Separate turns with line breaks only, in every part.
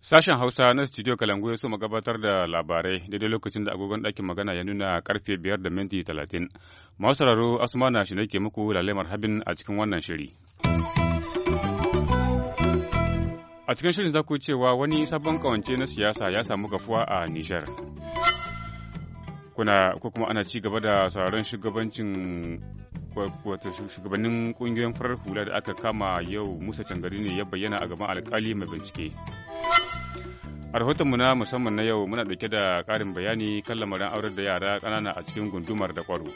Sashen Hausa na studio Kalangu ya so gabatar da labarai daidai lokacin da agogon ɗakin magana ya nuna karfe biyar da minti talatin. Masu sauraro Asmana shi nake muku lalemar habin a cikin wannan shiri. A cikin shirin za ku cewa wani sabon kawance na siyasa ya samu gafuwa a Nijar. kuna ko kuma ana ci gaba da sauraron shugabancin wato shugabannin kungiyoyin farar hula da aka kama yau musa cangari ne ya bayyana a gaban alkali mai bincike a rahotonmu na musamman na yau muna dauke da karin bayani kan lamarin aurar da yara kanana a cikin gundumar da kwaro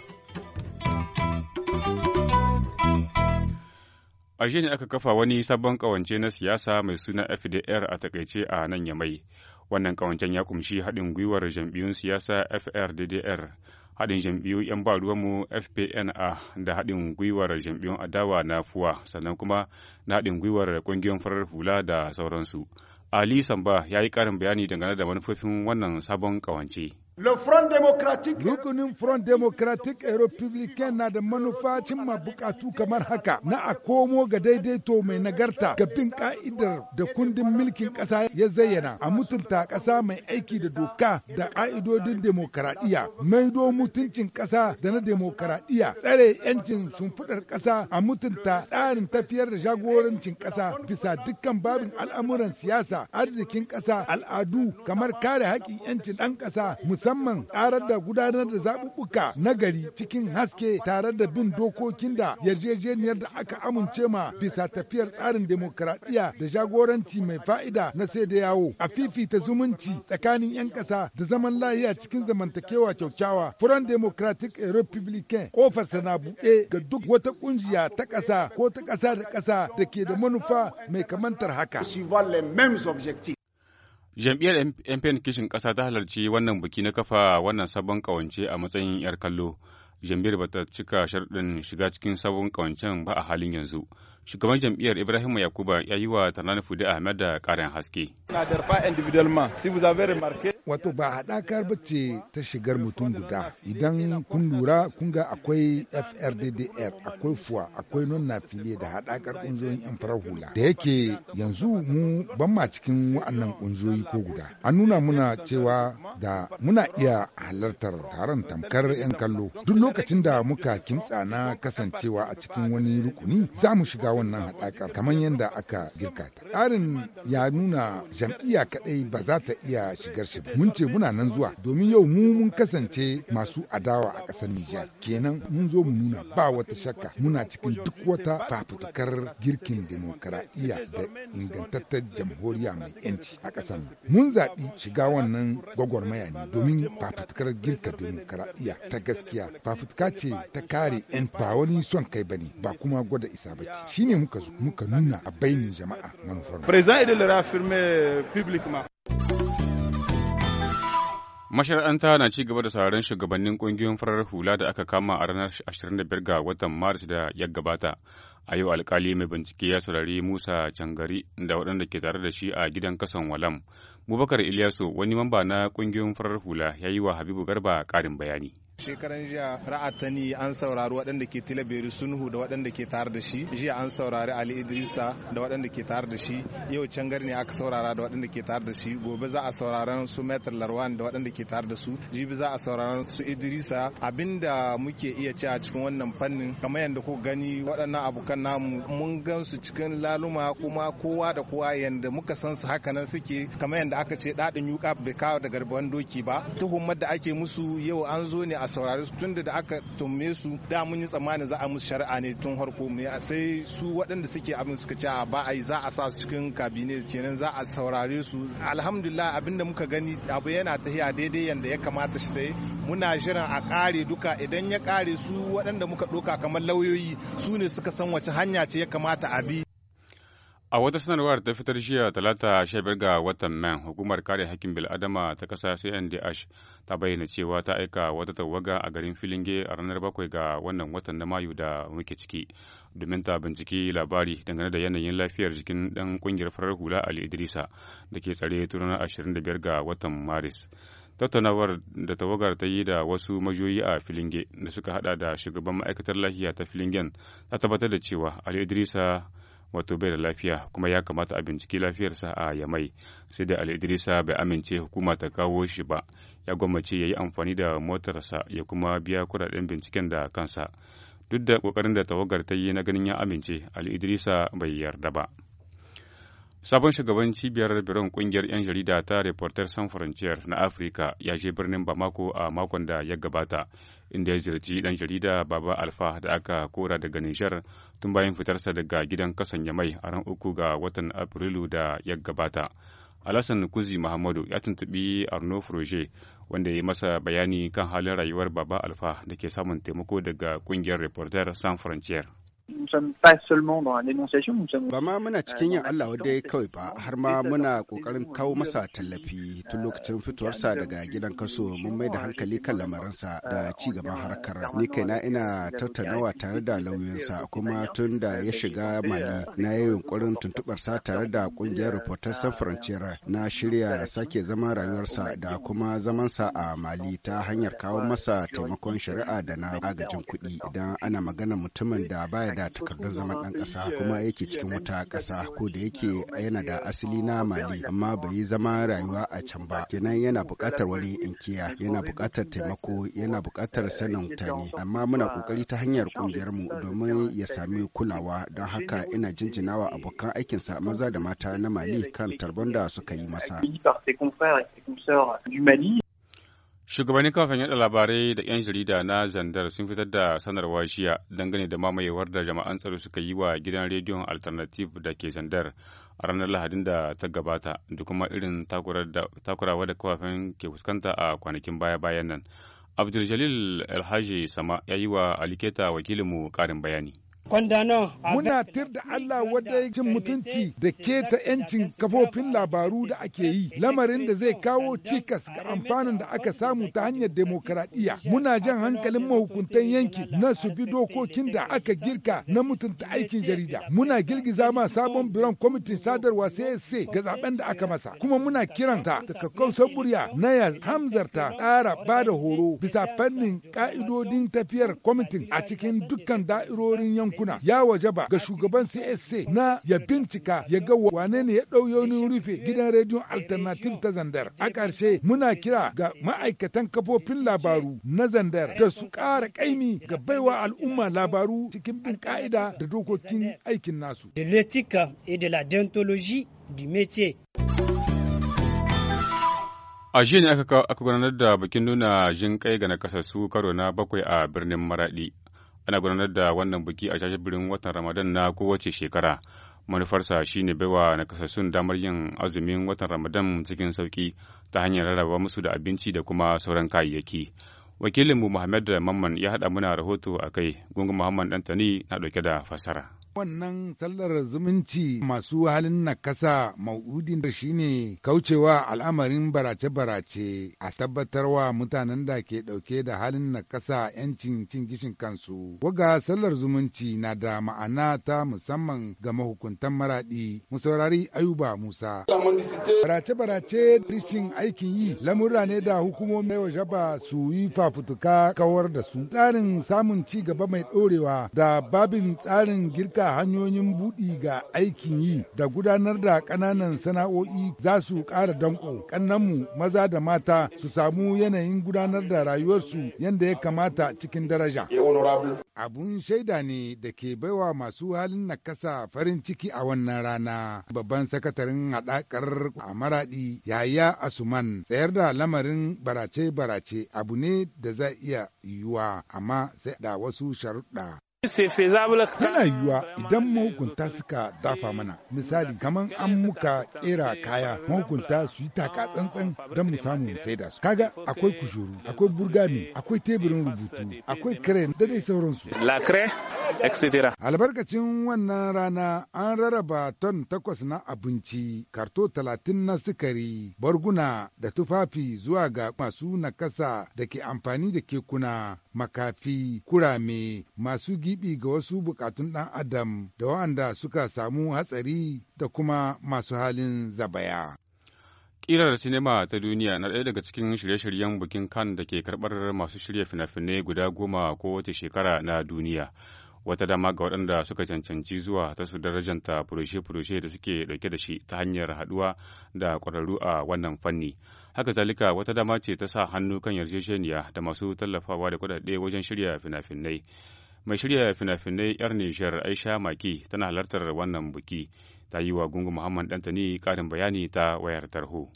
a ne aka kafa wani sabon kawance na siyasa mai suna fdr a takaice a nan yamai Wannan kawancen ya kumshi haɗin gwiwar jam'iyyun siyasa FRDDR, haɗin jam'iyyun 'yan ba ruwanmu FPNA da haɗin gwiwar jam'iyyun adawa na FUWA sannan kuma na haɗin gwiwar ƙungiyoyin farar hula da sauransu. Ali Samba ya yi ƙarin bayani dangane da manufofin wannan sabon ƙawance.
Rukunin Front Democratic et Republican na da manufa cimma bukatu kamar haka na a komo ga daidaito mai nagarta ga bin ka'idar da kundin mulkin ƙasa ya zayyana a mutunta ƙasa mai aiki da doka da ƙa'idodin demokaradiyya maido mutuncin ƙasa da na demokaradiyya tsare 'yancin shimfiɗar ƙasa a mutunta tsarin tafiyar da jagorancin ƙasa bisa dukkan babin al'amuran siyasa arzikin ƙasa al'adu kamar kare haƙƙin 'yancin ɗan ƙasa musamman musamman karar da gudanar da zaɓuɓɓuka na gari cikin haske tare da bin dokokin da yarjejeniyar da aka amince ma bisa tafiyar tsarin demokradiyya da jagoranci mai fa'ida na sai da yawo a fifita zumunci tsakanin 'yan ƙasa da zaman lahiya cikin zamantakewa kyaukyawa furan democratic republican kofarsa na buɗe ga duk wata ƙungiya ta ƙasa ko ta ƙasa da ƙasa da ke da manufa mai kamantar haka.
Jam'iyyar MPN kishin ƙasa ta halarci wannan biki na kafa wannan sabon kawance a matsayin 'yar kallo. Jam'iyyar ba ta cika sharɗin shiga cikin sabon kawancen ba a halin yanzu. Shugaban jam'iyyar Ibrahim Yakuba ya yi wa Tanani Fude Ahmed da ƙarin haske.
wato ba haɗakar ce ta shigar mutum guda idan kun lura kun ga akwai FRDDR akwai fuwa akwai na fili da haɗakar ƙungiyoyin yan farar hula da yake yanzu mu ban ma cikin wa'annan ƙunzoyi ko guda an nuna muna cewa da muna iya halartar taron tamkar yan kallo duk lokacin da muka kimtsa na kasancewa a cikin wani rukuni za mu shiga wannan haɗakar kamar yadda aka girka ta tsarin ya nuna jam'iyya kaɗai ba za ta iya shigar shi ba mun ce muna nan zuwa domin yau mu mun kasance masu adawa a ƙasar Nijar. Kenan mun zo mu nuna ba wata shakka muna cikin duk wata fafutukar girkin demokaradiyya da ingantattar jamhuriya mai yanci a ƙasar nan. Mun zaɓi shiga wannan gwagwarmaya ne domin fafutukar girka demokaradiyya ta gaskiya fafutuka ce ta kare yan ba wani son kai ba ne ba kuma gwada isa ba ce. Shine muka muka nuna a
bainin jama'a manufar. President Idil public ma.
Mashara'anta na ci gaba da sauraron shugabannin ƙungiyoyin farar hula da aka kama a ranar 25 ga watan Maris da ya gabata. A yau alkali mai bincike ya saurari Musa Cangari da waɗanda ke tare da shi a gidan kasan Walam. Bubakar Ilyasu wani mamba na ƙungiyoyin farar hula ya yi wa Habibu Garba ƙarin bayani.
Shekaran jiya ra'atani an saurari waɗanda ke tilaberi sunhu da waɗanda ke tare da shi. Jiya an saurari Ali Idrisa da waɗanda ke tare da shi. Yau cangar ne aka saurara da waɗanda ke tare da shi. Gobe za a sauraron su metr Larwan da waɗanda ke tare da su. Jibi za a sauraron su Idrisa. Abinda muke iya ci a cikin wannan fannin kamar yadda ku gani waɗannan abokan namu mun gan su cikin laluma kuma kowa da kowa yadda muka san su haka nan suke kamar yadda aka ce daɗin yuka bai kawo da garban doki ba. Tuhumar da ake musu yau an zo ne a saurare su tunda da aka tumme su da mun yi tsammanin za a musu shari'a ne tun harko a sai su waɗanda suke abin suka ce ba a yi za a sa su cikin kabine kenan za a saurare su alhamdulillah abinda muka gani abu yana ta tafiya daidai yanda ya kamata shi ta yi muna jiran a kare duka idan ya kare su waɗanda muka ɗoka kamar lauyoyi su ne suka san wace hanya ce ya kamata a bi
A wata sanarwar ta fitar jiya talata sha biyar ga watan man hukumar kare hakkin bil'adama ta ƙasa CNDH ta bayyana cewa ta aika wata tawaga a garin Filinge a ranar bakwai ga wannan watan na Mayu da muke ciki domin ta binciki labari dangane da yanayin lafiyar jikin ɗan ƙungiyar farar hula Ali Idrisa da ke tsare tun ranar ashirin da ga watan Maris. tattaunawar da tawagar ta yi da wasu majoyi a filinge da suka hada da shugaban ma'aikatar lafiya ta filingen ta tabbatar da cewa ali idrisa wato bai da lafiya kuma ya kamata a binciki lafiyarsa a yamai sai da ali idrisa bai amince hukuma ta kawo shi ba ya gwammace ya yi amfani da motarsa ya kuma biya kudaden binciken da kansa duk da kokarin da tawagar ta yi na ganin ya amince ali idrisa bai yarda ba Sabon shugaban cibiyar biron kungiyar 'yan jarida ta Reporter san Frontier na Afirka ya je birnin Bamako a makon da ya gabata, inda ya ziyarci ɗan jarida Baba Alfa da aka kora daga Nijar tun bayan fitarsa daga gidan kasan Yamai a ran uku ga watan Afrilu da ya gabata. Alassan Kuzi Muhammadu ya tuntuɓi Arno Froje wanda ya masa bayani kan halin rayuwar Baba Alfa da ke samun taimako daga kungiyar Reporter san Frontier.
Ba ma muna cikin yin Allah wadda ya kawai ba, har ma muna kokarin kawo masa tallafi tun euh, lokacin fitowarsa daga gidan kaso mun mai da hankali kan lamarinsa, da ci gaban harkar. Ni kaina ina tattaunawa tare da lauyinsa kuma tun da ya shiga Mali euh, na yi yunkurin tuntuɓarsa tare da kungiyar Reporters San na shirya sake zama rayuwarsa da kuma zamansa a Mali ta hanyar kawo euh, masa taimakon shari'a da na agajin kuɗi idan ana magana mutumin da baya da takardar zaman ɗan kasa kuma yake cikin wuta ƙasa ko da yake yana da asali na mali amma bai yi zama rayuwa a can ba kenan yana bukatar wani inkiya yana bukatar taimako yana bukatar sanin mutane amma muna kokari ta hanyar ƙungiyar mu domin ya sami kulawa don haka ina jinjinawa abokan aikinsa maza da mata na mali kan tarbon da suka yi masa
Shugabannin kafin yada labarai da 'yan jarida na zandar sun fitar da sanarwa jiya dangane da mamayewar da jama'an tsaro suka yi wa gidan rediyon alternative da ke zandar a ranar lahadin da ta gabata da kuma irin takurawa da kafafen ke fuskanta a kwanakin baya-bayan nan. Abdul Jalil Alhaji Sama ya yi wa Aliketa wakilinmu karin bayani.
Muna tir da Allah wadda cin mutunci da ke ta 'yancin kafofin labaru da ake yi, lamarin da zai kawo cikas ga amfanin da aka samu ta hanyar demokaradiyya. Muna jan hankalin mahukuntan yanki na su bi dokokin da aka girka na mutunta aikin jarida. Muna girgiza ma sabon biran kwamitin sadarwa CSC ga zaben da aka masa. Kuma muna kiranta ta kakkausar na ya hamzarta tsara ba da horo bisa fannin ka'idodin tafiyar kwamitin a cikin dukkan da'irorin yankin. bankuna ya wajaba ga shugaban CSC na ya bincika ya ga wane ne ya ɗauyonin rufe gidan rediyon alternative ta Zandar. A ƙarshe muna kira ga ma'aikatan kafofin labaru na Zandar da su kara kaimi ga baiwa al'umma labaru cikin bin ƙa'ida da dokokin aikin nasu.
De l'éthique et de la déontologie du métier.
A jiya ne aka gudanar da bikin nuna jin kai ga nakasassu karo na bakwai a birnin Maradi. ana gudanar da wannan biki a birnin watan Ramadan na kowace shekara. Manufarsa shine baiwa nakasassun damar yin azumin watan Ramadan cikin sauki ta hanyar rarraba musu da abinci da kuma sauran kayayyaki. Wakilinmu da Mamman ya haɗa muna rahoto a kai, Gungun Muhammad Dantani na ɗauke da fasara.
Wannan sallar zumunci masu halin na nakasa shi shine kaucewa al'amarin barace-barace a tabbatarwa mutanen da ke ɗauke da halin na nakasa 'yancin cin gishin kansu. Waga sallar zumunci na da ma'ana ta musamman ga mahukuntan maraɗi. Musaurari Ayuba Musa. Barace-barace rishin aikin yi lamura ne da hukumomi yau jaba su yi fafutuka kawar da su. Tsarin samun ci gaba mai ɗorewa da babin tsarin girka hanyoyin buɗi ga aikin yi da gudanar da ƙananan sana'o'i za su ƙara danƙo ƙannanmu maza da mata su samu yanayin gudanar da rayuwarsu yadda ya kamata cikin daraja. Abun shaida ne da ke baiwa masu halin nakasa farin ciki a wannan rana. Babban sakatarin haɗakar a maraɗi yaya Asuman tsayar da lamarin barace-barace abu ne da zai iya yiwuwa amma sai da wasu sharuɗa. Tana yiwuwa idan mahukunta suka dafa mana, misali kamar an muka kera kaya mahukunta su yi taka tsantsan don mu samu mu saida su. Kaga akwai kushuru, akwai burgami, akwai teburin rubutu, akwai kare da dai sauransu. Albarkacin wannan rana an raraba ton takwas na abinci, karto talatin na sukari, barguna da tufafi zuwa ga masu nakasa da ke amfani da kekuna, makafi, kurame, masu gibi ga wasu bukatun ɗan adam da waɗanda suka samu hatsari da kuma masu halin zabaya.
kirar sinima ta duniya na ɗaya daga cikin shirye-shiryen bikin kan da ke karɓar masu shirya fina-finai guda goma ko kowace shekara na duniya. Wata dama ga waɗanda suka cancanci zuwa ta su darajanta furoshe-furoshe da suke ɗauke da shi ta hanyar haɗuwa da ƙwararru a wannan fanni. Haka zalika wata dama ce ta sa hannu kan yarjejeniya da masu tallafawa da kuɗaɗe wajen shirya fina-finai. mai shirya fina-finai 'yar nijar aisha maki tana halartar wannan buki ta yi wa gungun muhammad dantani karin bayani ta wayar tarho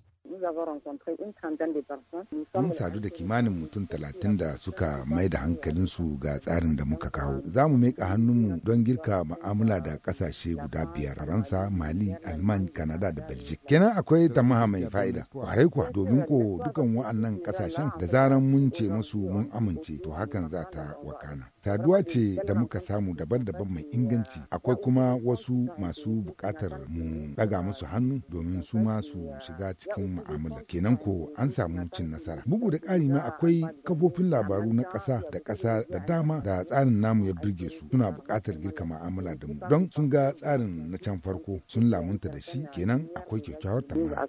Mun sadu da kimanin mutum talatin da suka mai da hankalinsu ga tsarin da muka kawo. Za mu miƙa hannunmu don girka ma'amala da ƙasashe guda biyar Faransa, Mali, Alman, Kanada da Belgium. Kenan akwai tamaha mai fa'ida. Kwarai kuwa domin ko dukan wa'annan ƙasashen da zaran mun ce musu mun amince to hakan za ta wakana. Saduwa ce da muka samu daban-daban mai inganci akwai kuma wasu masu buƙatar mu ɗaga musu hannu domin su ma su shiga cikin ma'amala. mu'amala kenan ko an samu cin nasara bugu da ƙari ma akwai kafofin labaru na ƙasa da ƙasa da dama da tsarin namu ya birge su suna buƙatar girka ma'amala da mu don sun ga tsarin na can farko sun lamunta da shi kenan akwai kyakkyawar tamara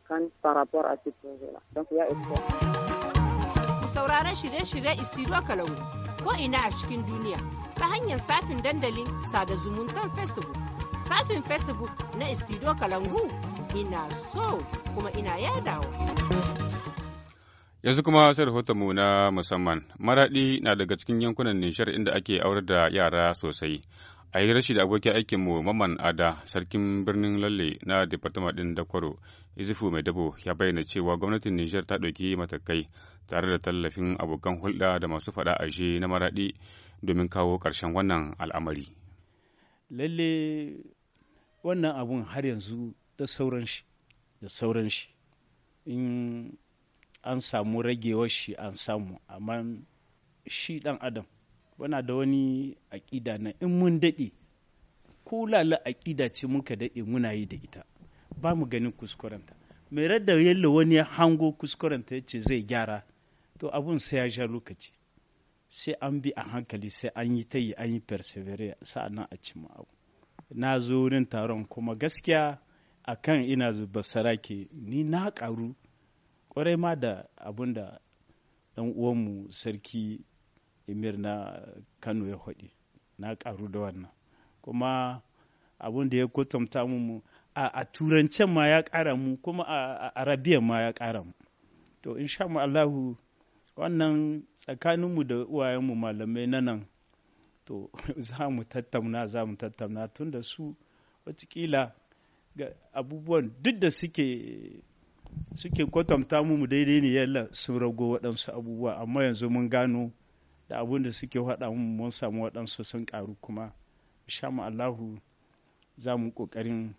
ku sauraron shirye-shirye istiro kalau ko ina a cikin duniya ta hanyar safin dandalin sada zumuntar facebook safin facebook na istiro
kalangu ina so kuma ina yadawa.
Yanzu kuma sai rahoton mu na musamman, maraɗi na daga cikin yankunan nishar inda ake aure da yara sosai. A yi rashi da abokin aikinmu Maman Ada, sarkin birnin Lalle na Departama ɗin Dakwaro, Izufu Mai Dabo ya bayyana cewa gwamnatin Nijar ta ɗauki matakai tare da tallafin abokan hulɗa da masu faɗa ashe na maraɗi domin kawo ƙarshen wannan al'amari.
Lalle wannan abun har yanzu da sauran shi da sauran shi in an samu ragewar shi an samu amma shi dan adam wana da wani aƙida na in mun daɗe ko lala aƙida ce muka daɗe muna yi da ita ba mu ganin kuskurenta mai radda yalla wani hango kuskurenta ya ce zai gyara to abun sai ya sha lokaci sai an bi a hankali sai an yi ta yi an yi persevere sa'annan a cimma abu na zo wurin taron kuma gaskiya a kan ina zuba sarake ni na ƙaru kwarai ma da abun da ɗan uwanmu sarki emir na kano ya haɗi na ƙaru da wannan kuma abun da ya kwatanta mu a turancen ma ya ƙara mu kuma a arabiyan ma ya ƙara mu to insha Allahu wannan tsakaninmu da uwayenmu malamai na nan to za mu tattauna za mu tattauna tun da su watakila ga abubuwan duk da suke suke kwatanta mu daidai ne yalla sun rago waɗansu abubuwa amma yanzu mun gano da abun da suke faɗa mu mun samu waɗansu sun ƙaru kuma sha Allahu za mu ƙoƙarin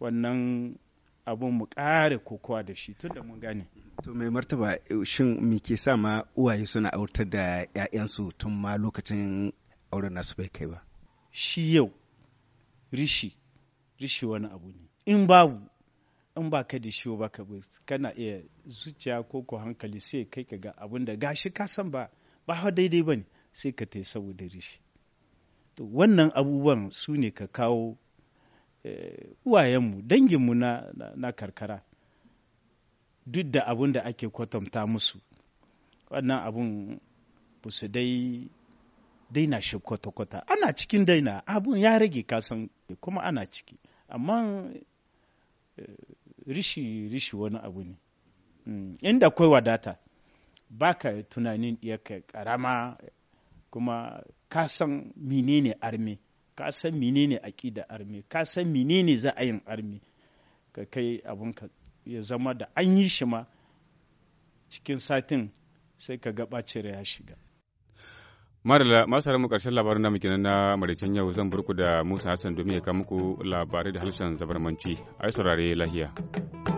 wannan abun mu ƙara kokowa da shi tun da mun gane.
To mai martaba shin me ke sa ma uwaye suna autar da 'ya'yansu tun ma lokacin auren nasu bai kai ba? Shi yau rishi rishi wani abu ne
in babu in ba ka da shi ba ka kana iya zuciya ko ko hankali sai kai ka ga abin da gashi ka san ba ba ha daidai ba ne sai ka tai saboda rishi to wannan abubuwan su ne ka kawo eh, uwayenmu danginmu na, na karkara duk da abin da ake kwatanta musu wannan abun ba su dai daina shi kwata-kwata ana cikin daina abun ya rage kasan kuma ana ciki amma rishi-rishi eh, wani abu ne mm, inda kai wadata baka tunanin yaka karama kuma kasan menene armi kasan menene aƙida armi kasan menene za a yin armi ka kai abun ka ya zama da an yi shi ma cikin satin sai ka gaba cire ya shiga
marala masu mu karshen labarin namu kenan na maraicen yau zan burku da Musa Hassan domin ya kawo muku labarai da harshen zabarmanci. Ai saurare lahiya.